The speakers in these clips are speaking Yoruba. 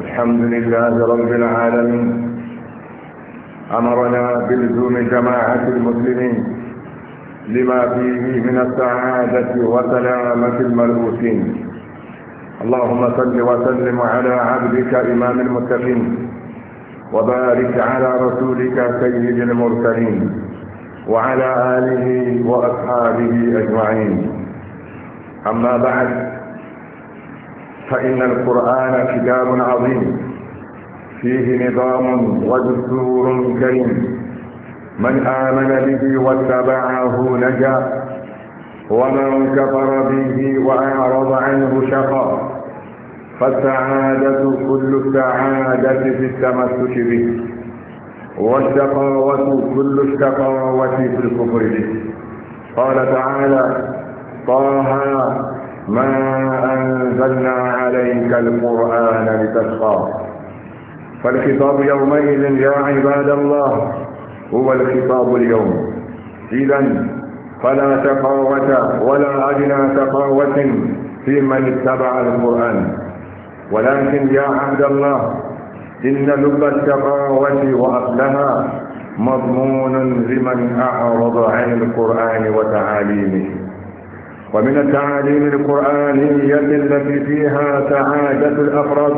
الحمد لله رب العالمين أمرنا بلزوم جماعة المسلمين لما فيه من السعادة وسلامة الملوثين اللهم صل وسلم على عبدك إمام المتقين وبارك على رسولك سيد المرسلين وعلى آله وأصحابه أجمعين أما بعد فإن القرآن كتاب عظيم فيه نظام ودستور كريم من آمن به واتبعه نجا ومن كفر به وأعرض عنه شقى فالسعادة كل السعادة في التمسك به والشقاوة كل الشقاوة في الكفر به قال تعالى طه ما أنزلنا عليك القرآن لتشقى فالخطاب يومئذ يا عباد الله هو الخطاب اليوم إذا فلا تقاوة ولا أدنى تقاوة في من اتبع القرآن ولكن يا عبد الله إن لب التقاوة وأصلها مضمون لمن أعرض عن القرآن وتعاليمه ومن التعاليم القرآنية التي فيها سعادة الأفراد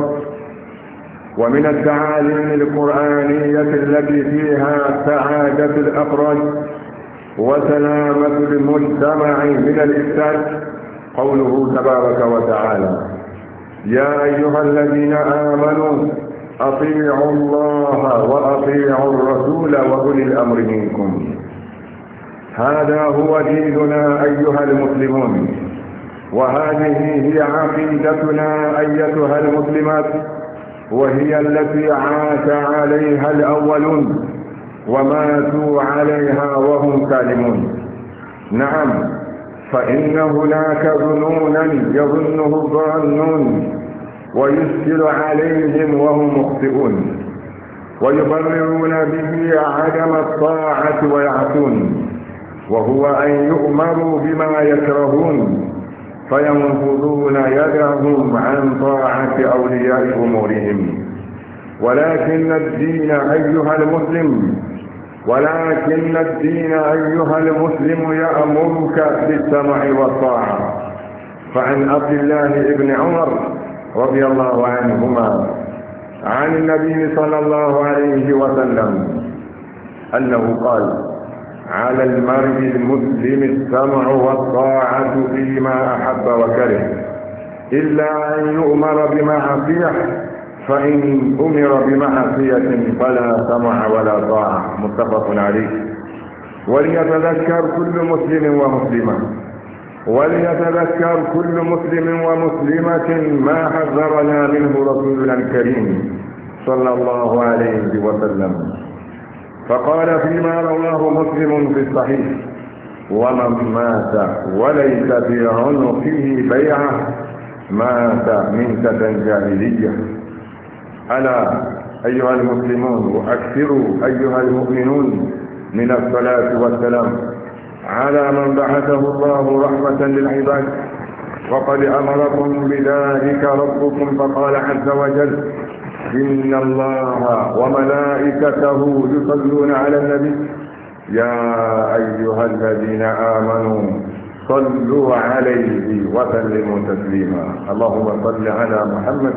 ومن التعاليم القرآنية التي فيها سعادة الأفراد وسلامة المجتمع من الإفساد قوله تبارك وتعالى يا أيها الذين آمنوا أطيعوا الله وأطيعوا الرسول وأولي الأمر منكم هذا هو ديننا أيها المسلمون وهذه هي عقيدتنا أيتها المسلمات وهي التي عاش عليها الأولون وماتوا عليها وهم سالمون نعم فإن هناك ظنونا يظنه الظانون ويسكر عليهم وهم مخطئون ويبررون به عدم الطاعة ويعصون وهو أن يؤمروا بما يكرهون فينفذون يدهم عن طاعة أولياء أمورهم ولكن الدين أيها المسلم ولكن الدين أيها المسلم يأمرك بالسمع والطاعة فعن عبد الله بن عمر رضي الله عنهما عن النبي صلى الله عليه وسلم أنه قال على المرء المسلم السمع والطاعة فيما أحب وكره إلا أن يؤمر بمعصية فإن أمر بمعصية فلا سمع ولا طاعة متفق عليه وليتذكر كل مسلم ومسلمة وليتذكر كل مسلم ومسلمة ما حذرنا منه رسولنا الكريم صلى الله عليه وسلم فقال فيما رواه مسلم في الصحيح ومن مات وليس في عنقه بيعة مات من جاهلية ألا أيها المسلمون وأكثروا أيها المؤمنون من الصلاة والسلام على من بعثه الله رحمة للعباد وقد أمركم بذلك ربكم فقال عز وجل إن الله وملائكته يصلون على النبي يا أيها الذين آمنوا صلوا عليه وسلموا تسليما اللهم صل على محمد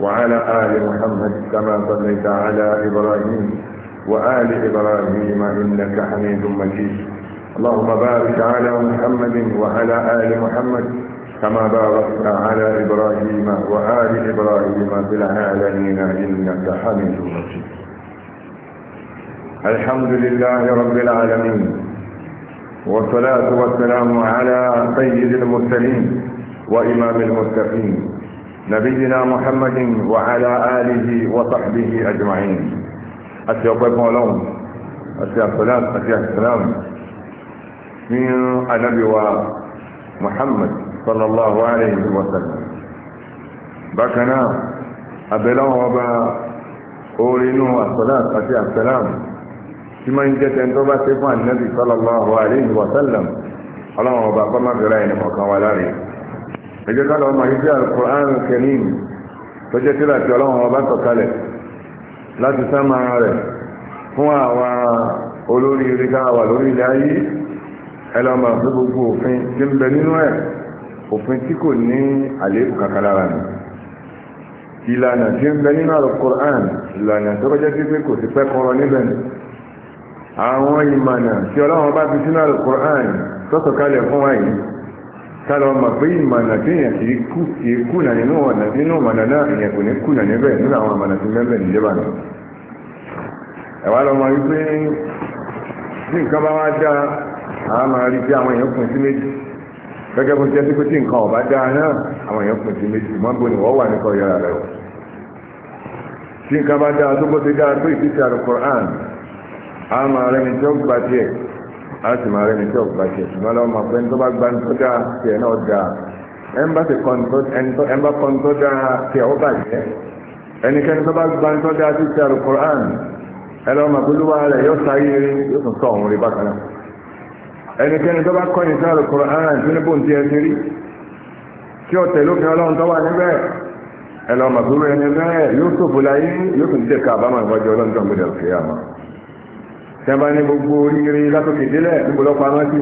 وعلى آل محمد كما صليت على إبراهيم وآل إبراهيم إنك حميد مجيد اللهم بارك على محمد وعلى آل محمد كما باركت على إبراهيم وآل إبراهيم في العالمين إنك حميد مجيد الحمد لله رب العالمين والصلاة والسلام على سيد المرسلين وإمام المتقين نبينا محمد وعلى آله وصحبه أجمعين أتيقظ مولون أتيقظ السلام أتيقظ السلام من النبي محمد صلى الله عليه وسلم بكنا أبلغ وبا أولينه الصلاة أتي السلام كما إن جت أن تبا سيفا النبي صلى الله عليه وسلم الله وبا قم بلاين وكان ولاري فجد الله ما يجي القرآن الكريم فجد لك الله وبا تكالك لا تسمع عليه هو olórí ríká wà lórí ilẹ̀ ayé ẹlọ́mà fún gbogbo òfin tí ń bẹ nínú ẹ̀ òfin tí kò ní àléébù kankan lára ìlànà tí ń bẹ nínú Al-Qur'an ìlànà tó kọjá sí pé kò sí pẹ́ kọrọ níbẹ̀ nù àwọn ìmọ̀nà tí ọlọ́run bá fi sínú Al-Qur'an tọ́tọ̀ kalẹ̀ fún wa yìí kálọ̀ ọmọ pé ìmọ̀nà tí èèyàn kì í kú kì í kùnà nínú ọ̀nà nínú ìmọ̀nà náà èèyàn kò ní kùnà níbẹ̀ nínú àwọn ìmọ̀nà tí mẹ́bẹ̀ níjọba náà ẹ̀wà lọ́mọ wípé bí nǹkan bá wá dá àwọn máa rí bí àwọn èèyàn kùn sí méjì gẹ́gẹ́ bó jẹ́ sípé tí nǹkan ọ̀bá dáa náà àwọn èèyàn pèsè méjì mọ́gbò ni wọ́n wà ní kọ́ yàrá rẹ̀ tí nǹkan bá dáa tó bó ti dáa tó ìfísà rẹ̀ Qur'an a máa rẹni tí ó gba tiẹ̀ a sì máa rẹni tí ó gba tiẹ̀ ṣùgbọ́n lọ́wọ́ máa pẹ́ ní tó bá gba ní tó dáa tiẹ̀ náà dáa ẹnba kan tó dáa tiẹ̀ ó bàjẹ́ ẹnikẹ́ni tó bá gba tó dáa tó ìfísà rẹ̀ Qur'an ẹ lọ́wọ́ máa pẹ́ lúwa rẹ̀ yóò sáyé yóò ẹnikẹ́ni tó bá kọ́yìn sí Al-Qur'an tí níbo ti ẹ ti rí tí ó tẹ̀lé òfin ọlọ́run tó wà níbẹ̀ ẹ̀lọ́ màbúrú ẹni bẹ́ẹ̀ yóò ṣòfò láyé yóò tún tẹ̀ ká àbámọ̀ ìwájú ọlọ́run tó ń gbọdọ̀ fi àmọ́ tẹ́ bá ní gbogbo oríire látòkè délẹ̀ níbo lọ́pọ̀ àwọn tí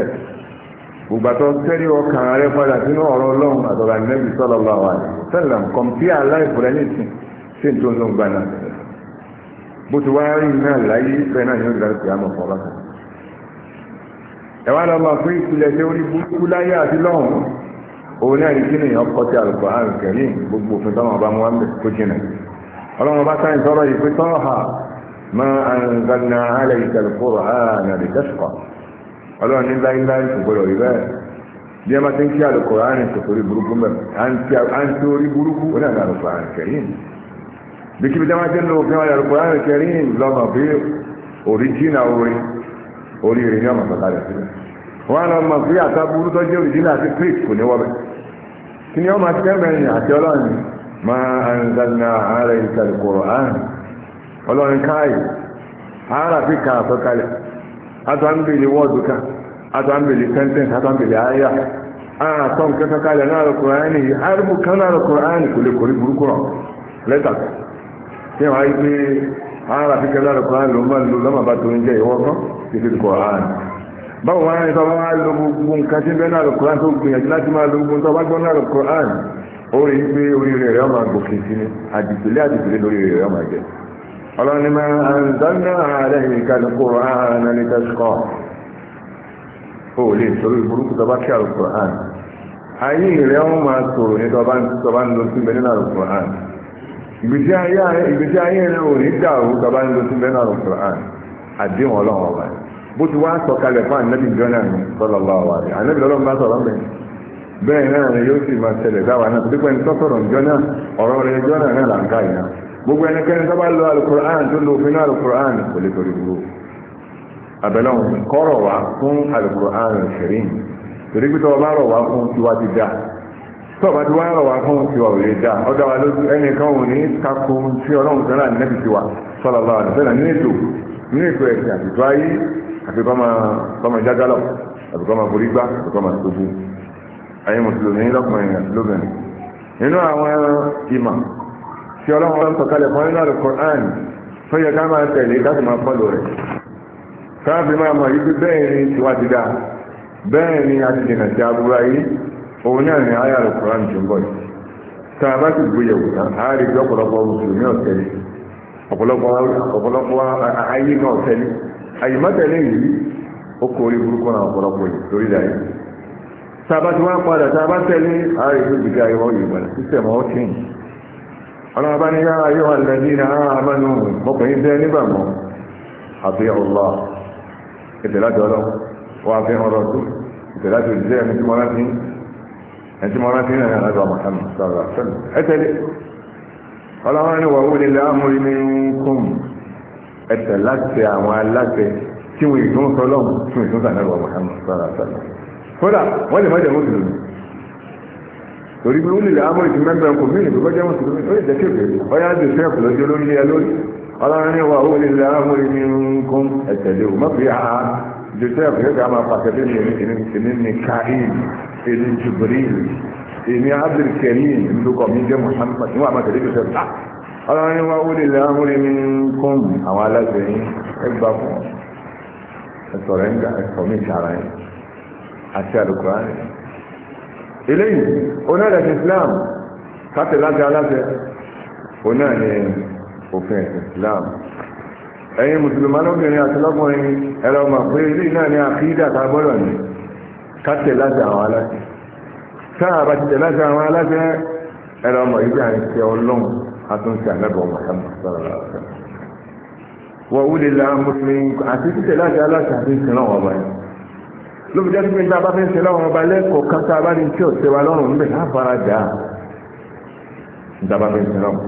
inú gbogbo sẹ́rí ọkàn rẹ padà sínú ọ̀rọ̀ ọlọ́run àtọ̀rọ̀ ànẹ́bí sallallahu alaihi wasallam kọ̀m̀pí aláìfọ̀rẹ́ nìsín sí ní tó ń lọ́n gbaná bó ti wá rí náà láyé bẹ́ẹ̀ náà yóò dára sí àmọ̀ fọ́lá kan. ẹ̀wá lọ́mọ fún ìpìlẹ̀ tí ó rí burúkú láyé àti lọ́hùn òun náà ní kíni ọkọ̀ tí àlùkò àrùn kẹ̀lé gbogbo òfin tọ́mọ bá mú wá kó jìnà ọlọ́run bá sáyìn sọ́rọ̀ yìí pé tọ́ha máa ń zanna alẹ́ ìtẹ̀lẹ́kọ̀ọ́ àná lè tẹ́sùkọ̀ọ́ ọlọ́run ní láíláí kò gbọdọ̀ rí bẹ́ẹ̀ bí ẹ bá ti ń kí Al-Qur'ani kò torí burúkú mẹ́ à ń tí orí burúkú ó dàgbà Al-Qur'ani Karim bí kíbi tí wọ́n ti ń lo òfin ọ̀yà Al-Qur'ani Karim lọ́mọ bí òríjìnà orin oríire ní ọmọ sọ̀tà rẹ̀ sílẹ̀ wọ́n á lọ mọ̀ pé àtàbúrú tó jẹ́ òríjìnà àti pírìt kò ní wọ́bẹ̀ kí ni ọmọ àti kẹ́mẹ́rin àti ọlọ́run máa ń zanna àtàǹbèlè wọ́ọ̀dù kan àtàǹbèlè sentence àtàǹbèlè àyà àtọ́ nǹkan kankan lẹ̀ náà lọ́kùnrin yìí arúgbó kan náà lọ́kùnrin kò lè kórè burúkú rọ̀ lẹ́tà tí wọ́n á yí pé ara fi kẹ́lá lọ́kùnrin ló máa ń lo lọ́mọ bá tó ń jẹ́ ìwọ́ kan títí kọ̀ọ̀rán báwo wọ́n á yẹ sọ́wọ́n á lo gbogbo nǹkan tí ń bẹ náà lọ́kùnrin tó gbìyànjú láti máa lo gbogbo nǹkan bá gbọ́ náà lọ́kùnrin ó rí pé oríire rẹ̀ ọmọ àgbòkè sí ni àdìsílẹ̀ àdìsílẹ̀ lóríire rẹ̀ ọmọ àgbẹ̀ ọlọ́run ni máa ń dánná àárẹ̀ ìkàlùkù ààrẹ ní tẹ́sùkọ́ ó lè sọ́rọ̀ ìburúkú tọba kí àlùkù ààrẹ ayé rẹ̀ wọ́n máa sọ̀rọ̀ ní tọba ń lọ sí bẹ́ẹ̀ nínú àlùkù ìgbésí ayé rẹ̀ ò ní dàrú tọba ń lọ sí bẹ́ẹ̀ nínú àlùkù àdéhùn ọlọ́run sọ kalẹ̀ fún jọ́nà ní gbogbo ẹnikẹ́ni tó bá lọ alukur'an tó lò fínú alukur'an kò lè torí dúró abẹ́lẹ́ kọ́rọ̀ wá fún alukur'an ṣẹ̀rìn torí pé tọ́wọ́ bá rọ̀ wá fún tiwa ti dá ti wá rọ̀ wá fún tiwa ò lè dá ọ̀dà wa lójú ka ò ní kakú sí ọlọ́run sẹ́nà nẹ́bi tiwa sọ́lọ́lá àdìsẹ́nà nínú ètò nínú àtìtọ́ ayé àti jágálọ̀ àti àti tí ọlọ́run bá ń sọ̀kalẹ̀ fún tó yẹ ká máa tẹ̀lé káàkiri máa fọ́lò rẹ̀ máa mọ̀ bẹ́ẹ̀ ni ti dá bẹ́ẹ̀ ni a ti dènà sí aburú ayé òun náà ni ti ń bọ̀ yìí tá a bá ti gbéyàwó tán a rí bí ọ̀pọ̀lọpọ̀ mùsùlùmí ọ̀tẹ̀lẹ̀ ọ̀pọ̀lọpọ̀ ayé náà tẹ̀lé àyè mọ́tẹ̀lẹ̀ yìí ó orí burúkú náà ọ̀pọ̀lọpọ̀ yìí lórí tá a bá ti wá padà a bá a rí ọlọ́wọ́ bá ní yára yíwa lẹ́bí na àmánú mọ́kùnrin bẹ́ nígbàmọ́ àfi ọlọ́ ìtẹ̀lájọ́ lọ wọ́n àfi ọ̀rọ̀ tó ìtẹ̀lájọ́ ìjẹ́ ẹni tí mọ́ra ti ẹni tí mọ́ra ti náà lágbà mọ̀hánù sọ̀rọ̀ sọ̀rọ̀ ẹtẹ̀lẹ́ ọlọ́wọ́ ní wà àwọn aláṣẹ tí wọ́n ìdún torí pé ó lè àmọ́ ìtì mẹ́gbẹ̀rún kò mìíràn tó bọ́jẹ́ mùsùlùmí ó lè jẹ́ kéèké ọyá àti ìṣẹ́ẹ̀kù lọ́jọ́ lórí ilé lórí ọlọ́run ní wa ó lè lè àmọ́ ìní nǹkan ẹ̀tẹ̀lé o mọ́bí a joseph yóò ká máa pàṣẹ bí mi ní ìní ní kahin ìní jubril ìní abdulkarim ìlúkọ mi jẹ́ muhammad níwọ̀n àmọ́ tẹ̀lé joseph ah! ta ọlọ́run ní wa ó lè lè àmọ́ ìní nǹkan àwọn aláṣẹ yín ẹgbà eléyìí onáàlẹ́sìn Islam káàtẹ̀ láti aláṣẹ onáàlẹ́ òfin ẹ̀sìn Islam ẹ̀yin mùsùlùmí lóbìnrin àti lọ́kùnrin ẹ̀rọ mà pé eléyìí náà ní àkídà ta a gbọ́dọ̀ ní káàtẹ̀ láti àwọn aláṣẹ sáà bá ti tẹ̀ láti àwọn aláṣẹ ẹ̀rọ mà yìí àti ṣe ọlọ́run àtúnṣe wọ́n wúlé àti títẹ̀ aláṣẹ àti ìsìn náà ló fi jẹ́ pé bá fẹ́ ṣe lọ́wọ́ ọba lẹ́kọ̀ọ́ kan bá ní tí ò ṣe wa lọ́rùn níbẹ̀ á fara dà á nígbà bá fẹ́ ṣe lọ́wọ́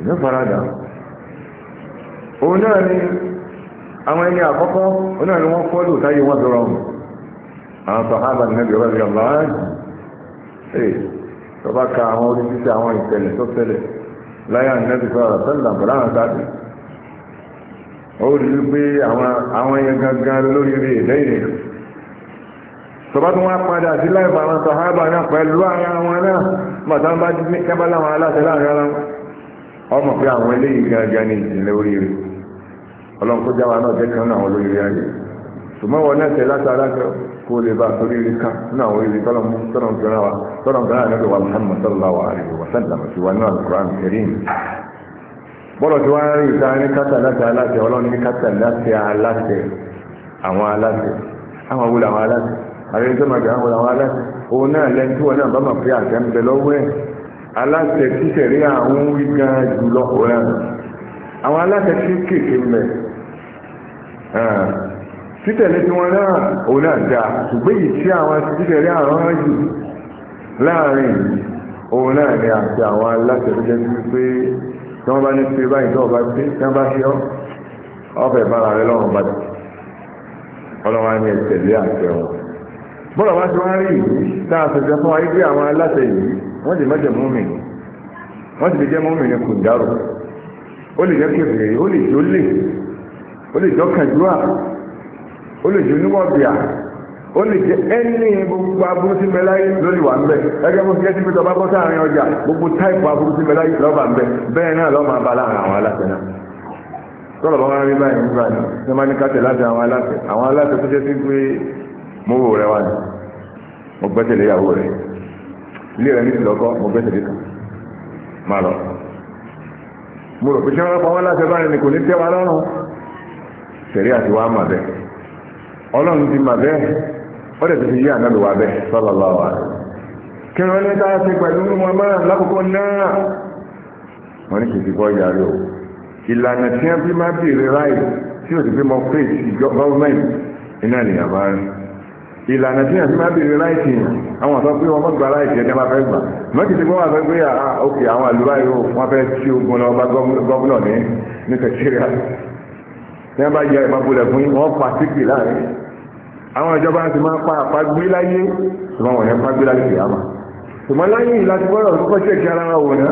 ìyẹn fara dà á. òun náà ni àwọn ẹni àkọ́kọ́ òun náà ni wọ́n fọ́ lò táyé wọ́n sọ̀rọ̀ ọ̀hún àwọn sọ ábà ní ẹgbẹ̀rún ẹgbẹ̀rún ọ̀la ẹ̀ tó bá ka àwọn orí títí àwọn ìṣẹ̀lẹ̀ tó ṣẹlẹ̀ láyà ní ẹgbẹ̀rún sọ̀rọ̀ tọba tó wá padà sí láìpẹ́ àwọn sàhábà náà pẹ̀lú ara wọn náà bàtà bá ní kábàlà àwọn aláṣẹ láàrin ara wọn ọmọ pé àwọn eléyìí gangan ní ìjìnlẹ̀ oríire ọlọ́run kó jáwa náà jẹ́ kan náà àwọn olóríire ayé ṣùgbọ́n wọn náà tẹ̀ látara kó lè bá torí ká náà Muhammad sallallahu alaihi wa sallam sí wa Karim bọ́lọ̀ tí wọ́n rí ìta ní kátà láti aláṣẹ ọlọ́run ní kátà láti aláṣẹ àwọn aláṣẹ àwọn awúlò àrẹ́yìn tó máa gbà wọn àwọn aláṣẹ òun náà lẹ́nu tí wọn náà bá máa fi àṣẹ ń bẹ lọ́wọ́ ẹ̀ aláṣẹ títẹ̀ rí àwọn wí gan jùlọ ọ̀rẹ́ àwọn aláṣẹ tí kéèké ń bẹ títẹ̀lé tí wọn náà òun náà dáa ṣùgbọ́n èyí tí àwọn títẹ̀ rí àwọn jù láàrin òun náà ni àti àwọn aláṣẹ tó jẹ́ pé tí wọ́n bá ní pé báyìí tó ọba wọ́n bá ṣe ọ́ ọbẹ̀ bára rẹ lọ́rùn padà ọlọ́wọ́n á ní ẹ̀tẹ̀lé àtẹ̀wọ̀n bọ́lá wá sí wọ́n rí yìí tá a sọ̀tẹ̀ fún ayé pé àwọn aláṣẹ yìí wọ́n ti mọ́jẹ̀ mọ́mìnì wọ́n ti lè jẹ́ mọ́mìnì kò dárò ó lè jẹ́ kébèrè ó lè jó lè ó lè jọ kàjúà ó lè jó níwọ̀bìà ó lè jẹ́ ẹni gbogbo aburú sí mẹ́láyé lórí wà ń bẹ̀ ẹgbẹ́ bó ti jẹ́ sí pé tọba bọ́ sáàrin ọjà gbogbo táìpù aburú sí mẹ́láyé lọ́ba ń bẹ̀ bẹ́ẹ̀ náà lọ́ máa ba láàrin àwọn aláṣẹ náà tọ́lọ̀ bá wọn rí báyìí nígbà ní kátẹ̀ láti àwọn aláṣẹ àwọn aláṣẹ tó jẹ́ sí pé mo wò rẹ wá ní mo gbẹ́sẹ̀lé ìyàwó rẹ ilé rẹ ní ìlọ́kọ́ mo gbẹ́sẹ̀lé kan máa lọ mo rò pé ṣé wọ́n pamọ́ láti báyìí ni kò ní tẹ́ wa lọ́rùn tẹ̀lé àti wá mà bẹ́ẹ̀ ọlọ́run ti mà bẹ́ẹ̀ ó dẹ̀ ti fi yí ànábì bẹ́ẹ̀ sallallahu alaihi kí wọ́n ní ká ṣe pẹ̀lú wọn máa lákòókò náà wọ́n ní kìí bọ́ ìyá rẹ̀ o ìlànà tí wọ́n fi máa bèèrè ráì tí ò sì fi mọ pé ìjọba gọ́ọ̀mẹ̀ntì iná nìyàbá ìlànà tí àti máa bèèrè láìsí yàn àwọn àtọ́ pé wọ́n mọ́ gba láìsí ẹ̀dẹ́ máa fẹ́ gbà mọ́kì tí wọ́n wà fẹ́ pé òkè àwọn àlùbá yìí wọ́n fẹ́ tí ogun lọ bá gọ́ọ̀nà ní ní kẹ̀kẹ́rìà tí wọ́n bá yẹ ìmọ̀ bulẹ̀ fún wọn pa síkì láàrin àwọn ìjọba ti máa pa àpagbé láyé ṣùgbọ́n wọ̀nyẹn pagbé láyé kì àmà ṣùgbọ́n láyé yìí láti gbọ́dọ̀ kọ́kọ́ ṣe kí ara wò ná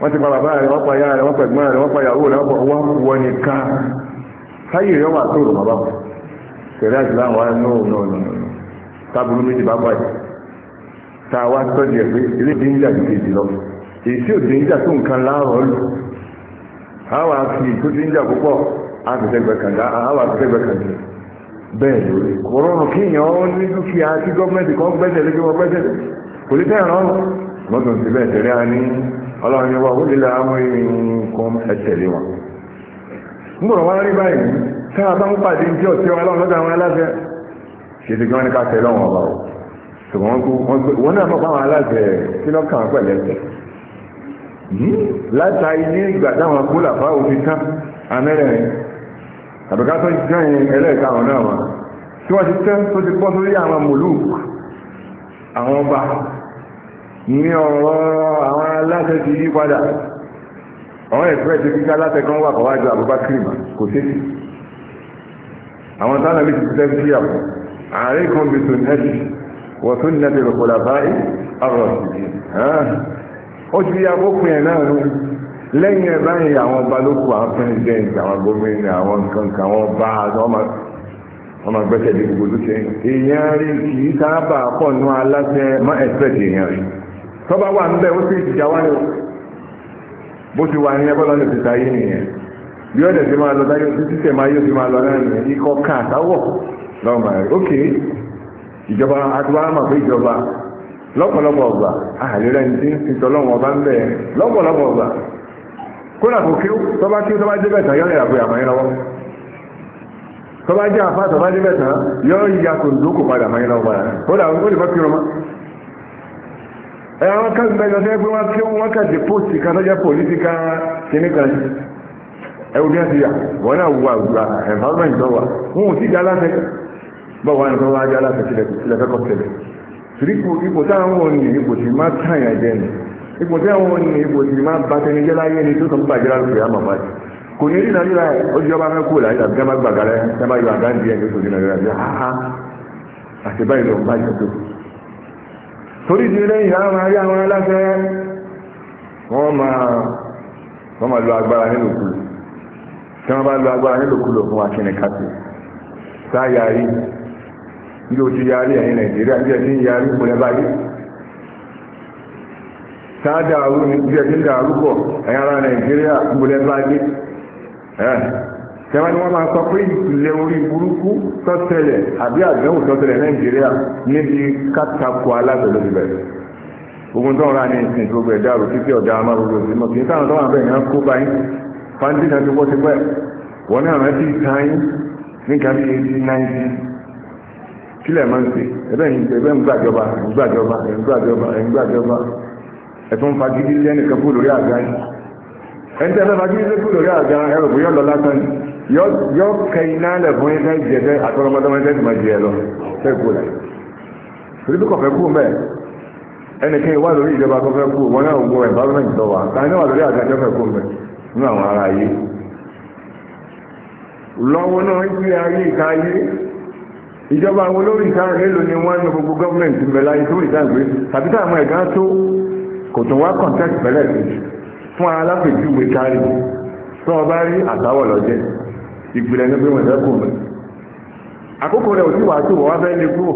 wọ́n ti pa bàbá rẹ̀ wọ́n pa ìyá rẹ̀ wọ́n pa ẹ̀gbọ́n rẹ̀ wọ́n pa ìyàwó rẹ̀ wọ́n pa wọ́n wọ nìkan sáyé rẹ̀ wà tó rò bàbá wọn ṣẹ̀rẹ́ àjùlá wa no no no no tábùrú méjì bá báyìí a wá ilé ìdíńjà ti kejì lọ èyí tí ò díńjà tó nǹkan láàrọ̀ lù àwọn àfi tó díńjà púpọ̀ àfẹ́sẹ̀gbẹ̀ kàndá àwọn bẹ́ẹ̀ lórí kòrónù kíyàn ó ní dúkìá tí gọ́ọ̀mẹ́ntì kan gbẹ́sẹ̀ lé kí gbẹ́sẹ̀ kò lè tẹ́ ẹ̀rọ sí bẹ́ẹ̀ tẹ̀lé a ní ọlọ́run ni wọ́n ó lè la ẹ̀tẹ̀lé wọn. ń wá rí báyìí táà bá ń pàdé tí ọ̀tí ọmọ ọlọ́run lọ́dọ̀ àwọn aláṣẹ ṣètò kí wọ́n ní ká tẹ lọ́wọ́n ọba o ṣùgbọ́n wọn náà mọ̀ fáwọn aláṣẹ kí lọ́ kàn pẹ̀lẹ́ ẹsẹ̀ hmm? láta ilé ìgbà táwọn kúlà fá òfin tán amẹ́rẹ̀rin àbíká tó ti tán yẹn ẹlẹ́ẹ̀ka àwọn náà wọn tí wọ́n ti tán tó ti pọ́ sórí àwọn mòlú àwọn ọba ní ọ̀rọ̀ àwọn aláṣẹ ti yí padà àwọn ẹ̀fẹ́ ti kíkà aláṣẹ kan wà kọ́wájú àbúbákírì mà kò sétí àwọn tánà bí ti tẹ́ sí àpò ààrẹ kan bí tún ẹ̀sì wọ́n tún nẹ́tẹ̀ lọ́kọ̀lá báyìí ọ̀rọ̀ sí ó ti ya bópin ẹ̀ náà nù lẹ́yìn ẹ̀ báyìí àwọn ọba ló kù àwọn pẹ́ńtẹ́ǹtì àwọn gómìnà àwọn nǹkan àwọn ọba àwọn ọmọ gbẹ́sẹ̀ lé gbogbo lókè èèyàn rí wà ní bó ti wà ní bí ọ̀dẹ̀ ti máa lọ dáyọ̀ tí títẹ̀ máa yóò ma máa lọ náà nìyẹn ikọ̀ kan àtàwọ̀ lọ́mọ rẹ̀ ókè ìjọba àtiwá mà ìjọba lọ́pọ̀lọpọ̀ ọ̀gbà tí ọba ń bẹ̀ lọ́pọ̀lọpọ̀ ọ̀gbà kódà kò kí tọ́ba kí tọ́ba yọ́n ìràbọ̀ àmọ́ yín lọ́wọ́ tọ́ba jẹ́ àfa tọ́ba yọ́n ìyá kò padà àmọ́ yín lọ́wọ́ padà kódà ó lè fẹ́ kí ẹwù ní ẹ̀sìn yà wọ́n náà wà wà environment tó wà wọn ò sí ìjà aláṣẹ bọ́ọ̀ wà nìkan wá ajá aláṣẹ sílẹ̀ fẹ́kọ̀ọ́ sílẹ̀ tìrìkù ipò táwọn wọn ní ipò tí má tàyàn jẹ ni ipò táwọn wọn ní ipò tí má batẹnijẹ láyé ni tó kàn bàjẹ́ lálùfẹ́ àmọ́ báyìí kò ní rí nàìjíríà ojú ọba fẹ́ kú láyé àbí jẹ́má gbàgbà rẹ̀ jẹ́má yọ àgbà ń di ẹ̀jẹ̀ tó wọ́n máa lo agbára nínú kùlù tí wọ́n bá lo agbára nílòkulò fún wa kíni ká sí tá a yarí ilé oṣù yarí ẹ̀yìn nàìjíríà bí ẹ̀sìn yarí ìpínlẹ̀ báyìí tá a dàrú ní bí ẹ̀sìn dàrú pọ̀ ẹ̀yìn ara nàìjíríà ìpínlẹ̀ báyìí tẹ́wọ́n ni wọ́n máa sọ pé ìpìlẹ̀ orí burúkú tọ́tẹ̀lẹ̀ àbí àdánwò tọ́tẹ̀lẹ̀ nàìjíríà níbi kátàkù alágbèlò ìbẹ̀rẹ̀ ogun tó ń ra ní ìsìn gbogbo ẹ̀dá rò títí ọ̀dà amárodò mọ̀ kì í sáwọn tó wà bẹ́ẹ̀ yẹn kó báyìí pàǹtí kan ti wọ́ ti pẹ́ wọ́n náà rántí kan nígbà bí eighty ninety kílẹ̀ máa ń pè ẹ̀bẹ̀ ń ẹ̀bẹ̀ ń gbàjọba ń gbàjọba ń gbàjọba ń gbàjọba ẹ̀tún fagidi lẹ́nìkan kú lórí àga yìí ẹ̀ńtẹ́ ẹ̀fẹ́ fagidi lé kú lórí àga ẹ̀rọ bóyá lọ lásán ni yọ kẹ iná lẹ̀ fún ẹ̀ka ìjẹ̀fẹ́ àtọ́lọ́mọdọ́mọdé ti máa jẹ ẹ lọ fẹ́ kú la torí bí kọ̀fẹ́ kú mẹ́ ẹnìkan ìwà lórí ìjọba nínú àwọn ará ayé lọ́wọ́ náà ń gbé ayé ìka ayé ìjọba àwọn olórí ìka èlò ni wọ́n ní gbogbo gọ́ọ̀mẹ̀ntì mẹ́lá ayé tó ìdágbé tàbí táwọn ẹ̀gá tó kò tún wá kọ̀ǹtẹ́ẹ̀tì pẹ̀lẹ́ fún alápèjúwe kárí tó ọba rí àtàwọ̀ lọ́jẹ́ ìgbìlẹ̀ ní pé wọ́n fẹ́ kò mẹ́ àkókò rẹ̀ ò sí wàásù wọ́n wá fẹ́ lè kúrò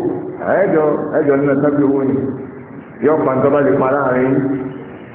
ẹ̀ẹ́jọ ẹ̀ẹ́jọ nínú ẹ̀sán bí owó ni yọ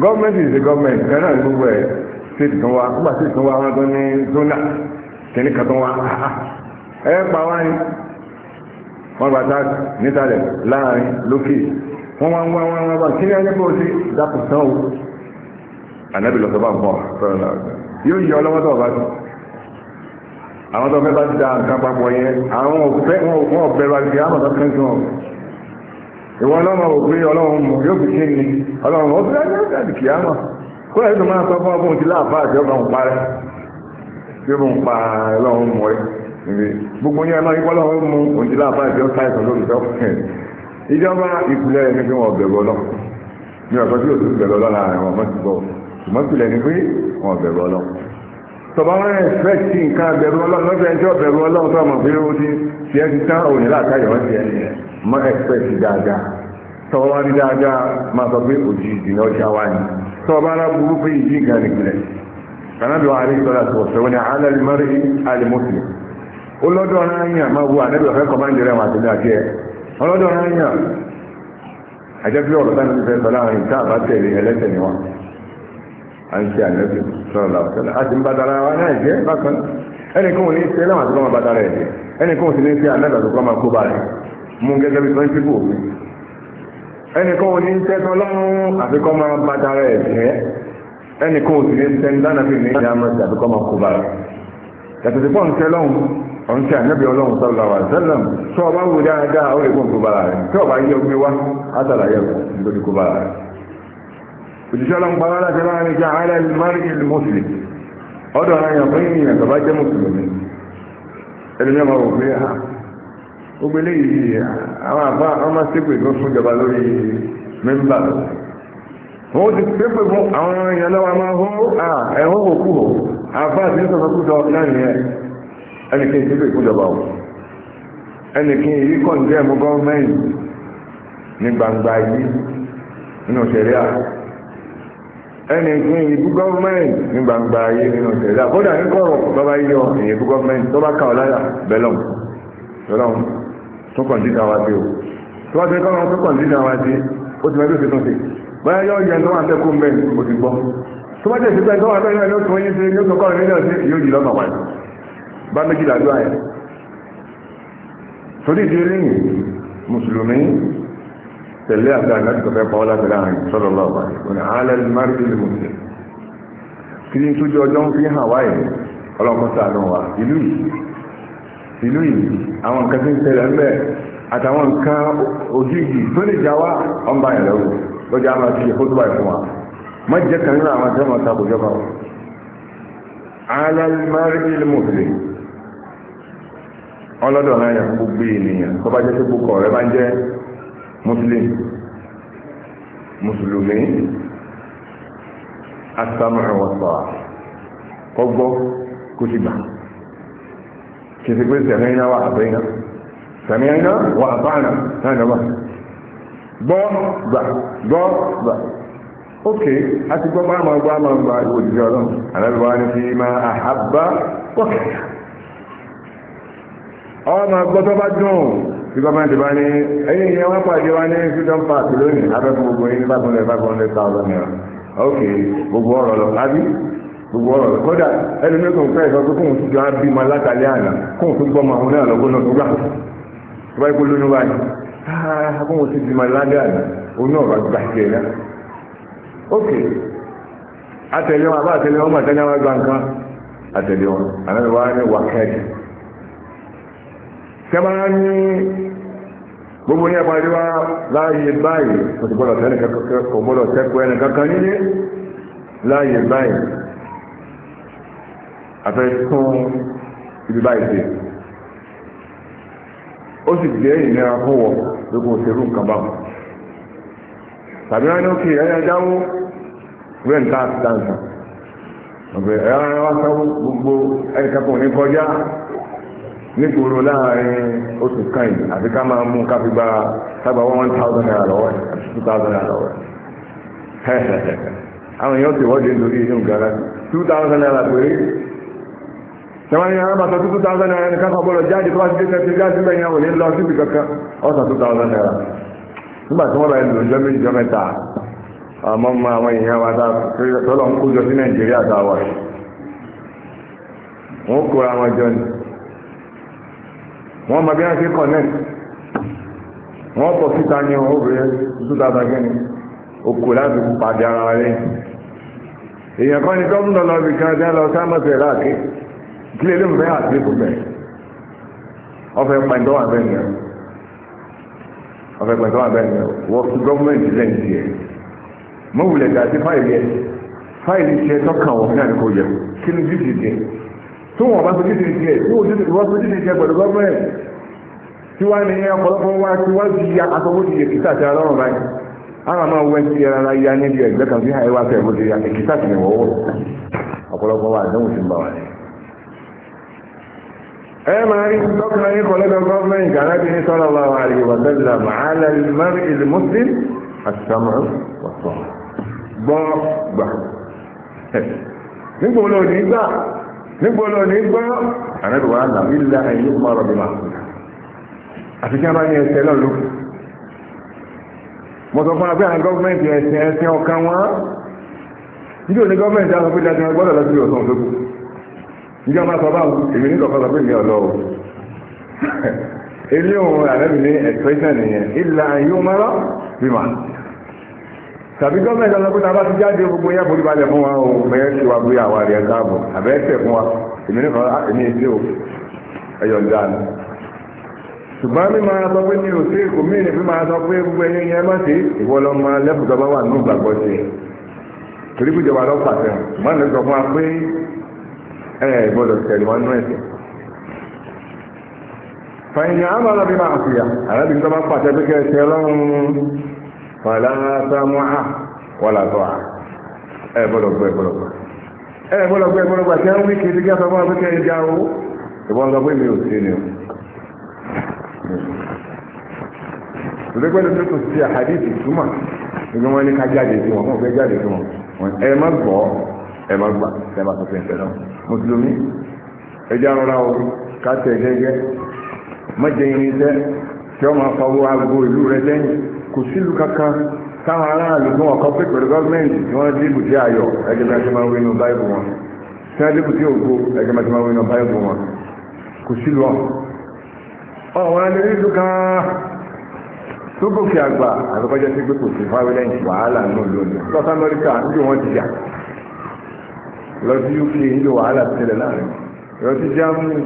Government gọ́ọ̀mẹ́ntì ìṣe gọ́ọ̀mẹ́ntì kan náà gbogbo ẹ̀ state kan wá nígbà state kan wá wọn tó ní zona kìíní kan tó wá ẹ pa wá ní wọn gba tá nísàlẹ̀ láàrin lókè wọn wá ń wá wọn wá bá kí ni ẹni kó o ṣe dàpọ̀ sàn o ànábì lọ sọ bá ń bọ̀ sọ̀rọ̀ náà yóò yọ ọlọ́wọ́ tó o bá tó àwọn tó fẹ́ bá ti da nǹkan papọ̀ yẹn àwọn ò bẹ̀rù àti àwọn tó kẹ́ńtì wọn ìwọ ọlọ́mọ òpin ọlọ́run mọ̀ yóò fi kí ni ọlọ́run ọdún ẹgbẹ́ àti kìámà kó ẹ̀ tó máa sọ fún ọgbọ́n ti láàfà àti ọgbà ń parẹ́ tí ó ń pa ọlọ́run mọ̀ ẹ́ níbi gbogbo yẹn máa ń kọ́ ọlọ́run mú òun ti láàfà àti ọ̀sá ìsàn lórí ìjọ ìjọba ìpìlẹ̀ ẹni pé wọn bẹ̀rù ọlọ́ ní ọ̀sán tí òtún bẹ̀rù ọlọ́ láàrin wọn mọ́ ti bọ̀ ṣùgbọ́n ìpìlẹ̀ ni pé wọn bẹ̀rù ọlọ́ tọba nǹkan bẹ̀rù ọlọ́ lọ́sẹ̀ ẹjọ́ bẹ̀rù ọlọ́ tó àmọ̀ pé ó ti tiẹ́ ti tán òun ní láàkáyọ̀ wọn tiẹ̀ mọ́ ẹ̀fẹ́ sí dáadáa tọwọ́ wá rí dáadáa máa sọ pé òjì ìdìnà ọjà wá ní tọ́ bá rá burú pé ìdí ìgbà nìgbìlẹ̀ kanáàbí wa àrí ìgbọ́lá tó ṣe wọn àálẹ́ mẹ́rin alìmọ́sí ó lọ́dọ̀ ráyìn máa wo ni wọn à ń ṣe ànẹ́bí sọ̀rọ̀ làwọ̀tẹ́lá a ti ń bá dára wa náà jẹ́ bákan ẹnìkan ò ní ṣe láwọn àti kọ́ máa bá dára ẹ̀ jẹ́ ẹnìkan ò sì ní ṣe ànẹ́bí àti kọ́ máa kó bá rẹ̀ mú gẹ́gẹ́ bí pẹ́ńsípù òfin ẹnìkan ò ní tẹ́tọ́ lọ́rùn àfikọ́ máa bàtà rẹ̀ jẹ́ ẹnìkan ò sì ní tẹ́ ńdánàbí ní ìyá mọ́sí àfikọ́ máa kó bára yàtọ̀ sí pọ́n tẹ́ lọ́rùn ọ̀nṣẹ́ ànábì ọlọ́run sọ́lá wa sẹ́lẹ̀m tó ọba wù dáadáa ó lè kó kó bára rẹ̀ tí ọba yẹ omi wá átàlàyé lórí kó bára rẹ̀ òjíṣẹ́ ọlọ́run pa wọ́n láti láàrin jẹ́ àárẹ̀ mari ìlú mùsùlùm ọdọ̀ ara yàn fún ìyìn gbogbo eléyìí àwọn àbá ọmọ ṣépè tó fún ìjọba lórí mẹ́mbà wọ́n ti ṣépè fún àwọn èèyàn lọ́wọ́ a máa hó ẹ̀hó òkú hò àbá àti ìṣòro kújọ náà nìyẹn ẹnìkan ìṣépè kújọba o ẹnìkan èyí kọ̀ ní ẹ̀mú gọ́ọ̀mẹ́ǹtì ní gbangba yìí nínú ṣẹ̀rí à ẹnìkan ìbú gọ́ọ̀mẹ́ǹtì ní gbangba yìí nínú ṣẹ̀rí à kódà ní kọ̀rọ̀ bàbá yíyọ ìyẹ̀bú gọ́ọ̀mẹ́ǹtì tó bá kà ọ́ láyà bẹ́lọ̀mù tó kọ̀ǹdídà wá dé o tó wá tẹ́kọ́ wọn tó kọ̀ǹdídà wá dé ó ti mẹ́bí òfin ṣe báyá yọ ìyẹn tó wà tẹ́kù mẹ́rin ó ti gbọ́ tó bá jẹ́ ìṣẹ́gbẹ́ tó wà tẹ́kù mẹ́rin ó tún yín sí yóò tó kọ́rin nílẹ̀ sí yóò yí lọ́mọ wáyé bá méjì làdúrà yẹn torí ìdí lẹ́yìn mùsùlùmí tẹ̀lé àti àgbàtí tó fẹ́ pàwọ́ láti láàrin sọ́dọ̀ lọ́wọ́ wáyé òní alẹ́ márùn-ún lè mùsùlùmí kí ni tójú ọjọ́ ń fi hàn wáyé ọlọ́kọ́ sáà náà wá ìlú yìí ìlú yìí àwọn nǹkan tí ń ṣẹlẹ̀ ń bẹ̀ àtàwọn nǹkan òjijì tó lè já wá ọ̀nba ìlẹ̀ wò lọ́jọ́ àwọn àti ìyẹ̀kó tó báyìí fún wa má jẹ́ kan nínú àwọn àtẹ́wọ̀n tako jọba wọn. alámárì ilmùsùlẹ̀ ọlọ́dọ̀ náà yẹ kó gbé ènìyàn tó bá jẹ́ pé púpọ̀ rẹ máa ń jẹ́ mùsùlùmí mùsùlùmí asámùrù kọ́gbọ́ kó sì gbà kìí pé sẹ̀mẹ́ná wà àbẹ́ná sẹ̀mẹ́ná wà àbáná náà gbọ́ gbà gbọ́ gbà ok a ti gbọ́ máa gbọ́ máa gbà òjìjọ́ ọlọ́run alábíwá ní fi máa àhábá pọ̀kẹ̀ ọwọ́ máa gbọ́ tó bá dùn tí gọ́ọ̀mẹ́ntì bá ní ẹ̀yìn ìyẹn wọ́n pàdé wá ní freedom park lónìí abẹ́fún gbogbo yín ní bá gúnlẹ̀ ok gbogbo ọ̀rọ̀ lọ gbogbo ọ̀rọ̀ kódà ẹni ní kò fẹ́ sọ pé kóun ti gbà bí ma látàlẹ́ àná kóun tó gbọ́mọ àwọn náà lọ́gbọ́n náà tó gbà tó bá ikú lóyún báyìí ah kóun ti bí ma ládé àná oyún ọ̀rọ̀ gbà jẹ náà ok atẹ̀lé wọn àbá atẹ̀lé wọn màtẹ́ náà wá gba nǹkan atẹ̀lé wọn àná wá ní wákẹ́ẹ̀dì sẹ́mà ní gbogbo ní ẹ̀fọ́ àdéhùn láàyè báyìí kò gbọ́dọ̀ tẹ́kọ̀ọ́ ẹnì kankan nílé láàyè báyìí afẹ́ tún ibi báyìí ó sì jẹ́ ìnira fún wọ gbogbo òṣèlú nǹkan bá tàbí wọn ní ó kí ẹyẹ dáwó rẹ́ǹtà àti dáǹtà ọ̀bẹ̀ ẹ̀rọ wa sáwó gbogbo ẹnìkankan ní kọjá nígboro láàrin oṣù kan àti ká máa mú ká gba sábà one thousand naira lọ́wọ́ ẹ̀ two thousand naira lọ́wọ́ àwọn èèyàn ti wọ́de nítorí ìṣẹ́ nǹkan láti naira péré tẹ́wọ́n ní àwọn bàtà two thousand naira ní káfà bọ́lọ̀ jáde tó bá ti dé tẹ́tí gáàsì bẹ́ẹ̀ yẹn ò ní lọ síbi kankan ọ̀sà two thousand naira nígbà tí wọ́n bá yẹn lò jọ méjì jọ mẹ́ta àmọ́ mọ àwọn èèyàn wa tá tọ́lọ̀ ń kójọ sí Nàìjíríà tá a wà wọ́n kóra wọn jọ ni wọ́n mọ bí wọ́n ṣe connect wọ́n pọ̀ síta ní obìnrin two thousand kẹ́ni okò láti pàdé ara rẹ̀ èèyàn kan ní gọ́ọ̀mù kí lè lóun ya àti ìbò bẹ́ẹ̀ ọ̀fẹ́ pẹ̀ntọ́ wà bẹ́ẹ̀ yẹn ọ̀fẹ́ ọ wà bẹ́ẹ̀ yẹn wọ́n fi gọ́ọ̀mẹ̀ntì lẹ́yìn tiẹ̀ mọ wulẹ̀ dà sí fáìlì yẹn fáìlì tiẹ̀ tọ́kàn wọ̀ dị ni kò yẹ kí ni bí ti tiẹ̀ tó wọn bá fojú dị ti tiẹ̀ pẹ̀lú gọ́ọ̀mẹ̀ntì tí ya àkọ́kọ́ ti yẹ kíkà ara ya níbi ẹgbẹ́ ya kíkà sí ìwọ́wọ́ ọ̀pọ̀lọpọ̀ أمر الدكتور يقول لك الجوفمنت عن أبيه صلى الله عليه وسلم على المرء المسلم السمع والطاعة a bá ní ẹsẹ̀ lọ lókù mo sọ ndị wa pé àwọn gọ́ọ̀mẹ̀ntì ẹ̀sìn ẹ̀sìn ọ̀sán ìjọ máa sọ bá èmi ní kọ̀ọ̀kan sọ pé mi ọ̀lọ́ o ilé òun àlẹ́bí ní expression nìyẹn ìlà yóò máa rọ́ bí mà tàbí gọ́ọ̀mẹ̀ntì ọlọ́pẹ́ náà bá ti jáde gbogbo yẹn forí balẹ̀ fún wa o bẹ́ẹ̀ ṣe wa bóyá àwa rẹ̀ káàbọ̀ àbẹ́ ẹ̀ṣẹ̀ fún wa èmi ní kọ̀ọ̀kan ah, èmi èsì o ẹ̀yọ̀ ń ṣùgbọ́n mi máa sọ pé mi ò sí èkó mi nìfi máa sọ pé gbogbo ẹni yẹn má sí ìwọ lọ máa lẹ́bùtọ́ bá wà nínú ìgbàgbọ́ sí i torí kújọba lọ́pàá sẹ́wọ̀n ẹ̀ gbọ́dọ̀ tẹ̀lé wọn nú ẹ̀sẹ̀ fàyìnyà àmàlà bí máa fìyà àrábì tó bá pàtẹ pé kẹsẹ̀ ọlọ́run fàlàsàmùhà wàlàtọ̀ ẹ̀ gbọ́dọ̀ gbọ́ ẹ̀ gbọ́dọ̀ gbọ́ ẹ̀ gbọ́dọ̀ gbọ́ ẹ̀ gbọ́dọ̀ gbọ́ àti àwọn wíkì ni o lẹ́gbẹ́ni tó kò sí àhàdìsì túmọ̀ ìgbìmọ̀ ní ká jáde sí wọn fún ọ̀fẹ́ jáde sí wọn ẹ má gbọ́ ẹ̀mọ́ gbà ẹ̀mọ́ tó fi ń fẹ́ràn mùsùlùmí rọra o káàtẹ̀ gẹ́gẹ́ mọ́jẹ irinṣẹ́ tí ó máa fọwọ́ aago ìlú rẹ lẹ́yìn kò sílùú kankan táwọn aráàlú fún ọkọ̀ pé pẹ̀lú gọ́ọ̀mẹ̀ntì tí wọ́n dìbò tí ayọ̀ ẹgbẹ́ bí wọ́n ti máa ń wí inú báyìí wọn tí wọ́n dìbò tí ògo ẹgbẹ́ bí wọ́n ti máa ń wí inú báyìí wọn kò sílùú ọ̀ ọ̀wọ́n alẹ́ nílùú kan tó gòkè àgbà àgbẹ̀kọ́jọ́ sí pé kò sí fáwẹ́lẹ́ǹtì wàhálà náà lónìí lọ́sàn-án lọ́ríkà níbi wọ́n ti jà lọ sí UK nílò wàhálà tẹ́lẹ̀ láàrin lọ sí Germany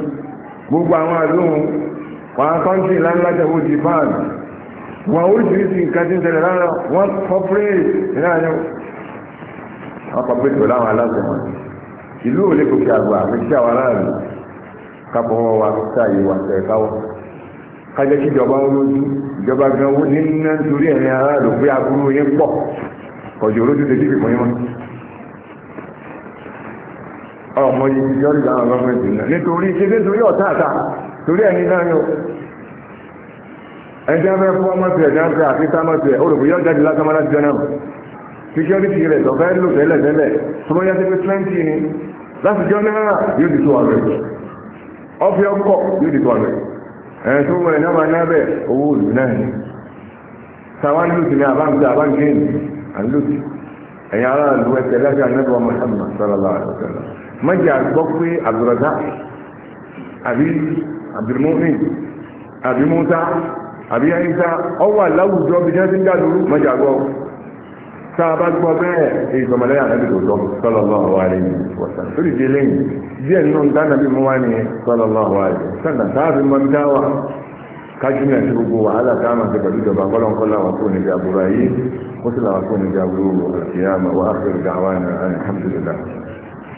gbogbo àwọn àdóhùn wọn kọ́ńtì ńláńlá tẹ̀wọ́ ti fáàn wọn oríṣiríṣi nǹkan ti ń tẹ̀lẹ̀ lára wọn corporate ìlànà wọn corporate pẹ̀lú àwọn aláṣẹ wọn ìlú òde kò fi àgbà àfi sí àwọn aráàlú kábọ̀wọ́ wa sáàyè wa tẹ̀ káwọ́ kájẹ́ kí ìjọba ó lójú ìjọba gan ó ní nítorí ẹ̀rin aráàlú pé aburú yẹn pọ̀ ọ̀jọ̀ olójú tẹ̀ sí ìfìkún yẹn mọ́ ọmọ yọrí àwọn gọ́ọ̀mẹ̀ntì náà nítorí ṣe nítorí ọ̀tá àtà torí ẹni náà yóò ẹjẹ́ fẹ́ fún ọmọ tiẹ̀ jẹ́ fẹ́ àfíta ọmọ tiẹ̀ olùkọ́ yọ jáde lásán máa jẹ́ náà security rẹ̀ tó fẹ́ lò tẹ́lẹ̀ tẹ́lẹ̀ tó bá yá pé twenty ni láti jọ lẹ́gbẹ̀ẹ́ anábọ̀ Muhammad sallallahu alaihi mọ́jà gbọ́ pé àbúrọ̀dá àbí àbìrìmọ́rin àbí mọ́ta àbí àyíká ọwọ́ aláwùjọ bí jẹ́ sí dàdúrú mọ́jà gbọ́ tá a bá gbọ́ bẹ́ẹ̀ èyí sọmọlẹ́yà àbí tó tọ́ sallallahu alaihi wasallam lórí ìdí lẹ́yìn díẹ̀ nínú ń dáná bí mo wá ní sallallahu alaihi wasallam táàbí mọ́ ń dáwà kájúmí àti gbogbo wàhálà tá a máa ṣe pẹ̀lú ìjọba kọ́lọ́nkọ́lá wà fún níbi àbúrò ayé ó sì làwọn fún níbi àbúrò àti àmà wà á fẹ́rẹ̀ dáwà ní alhamdulillah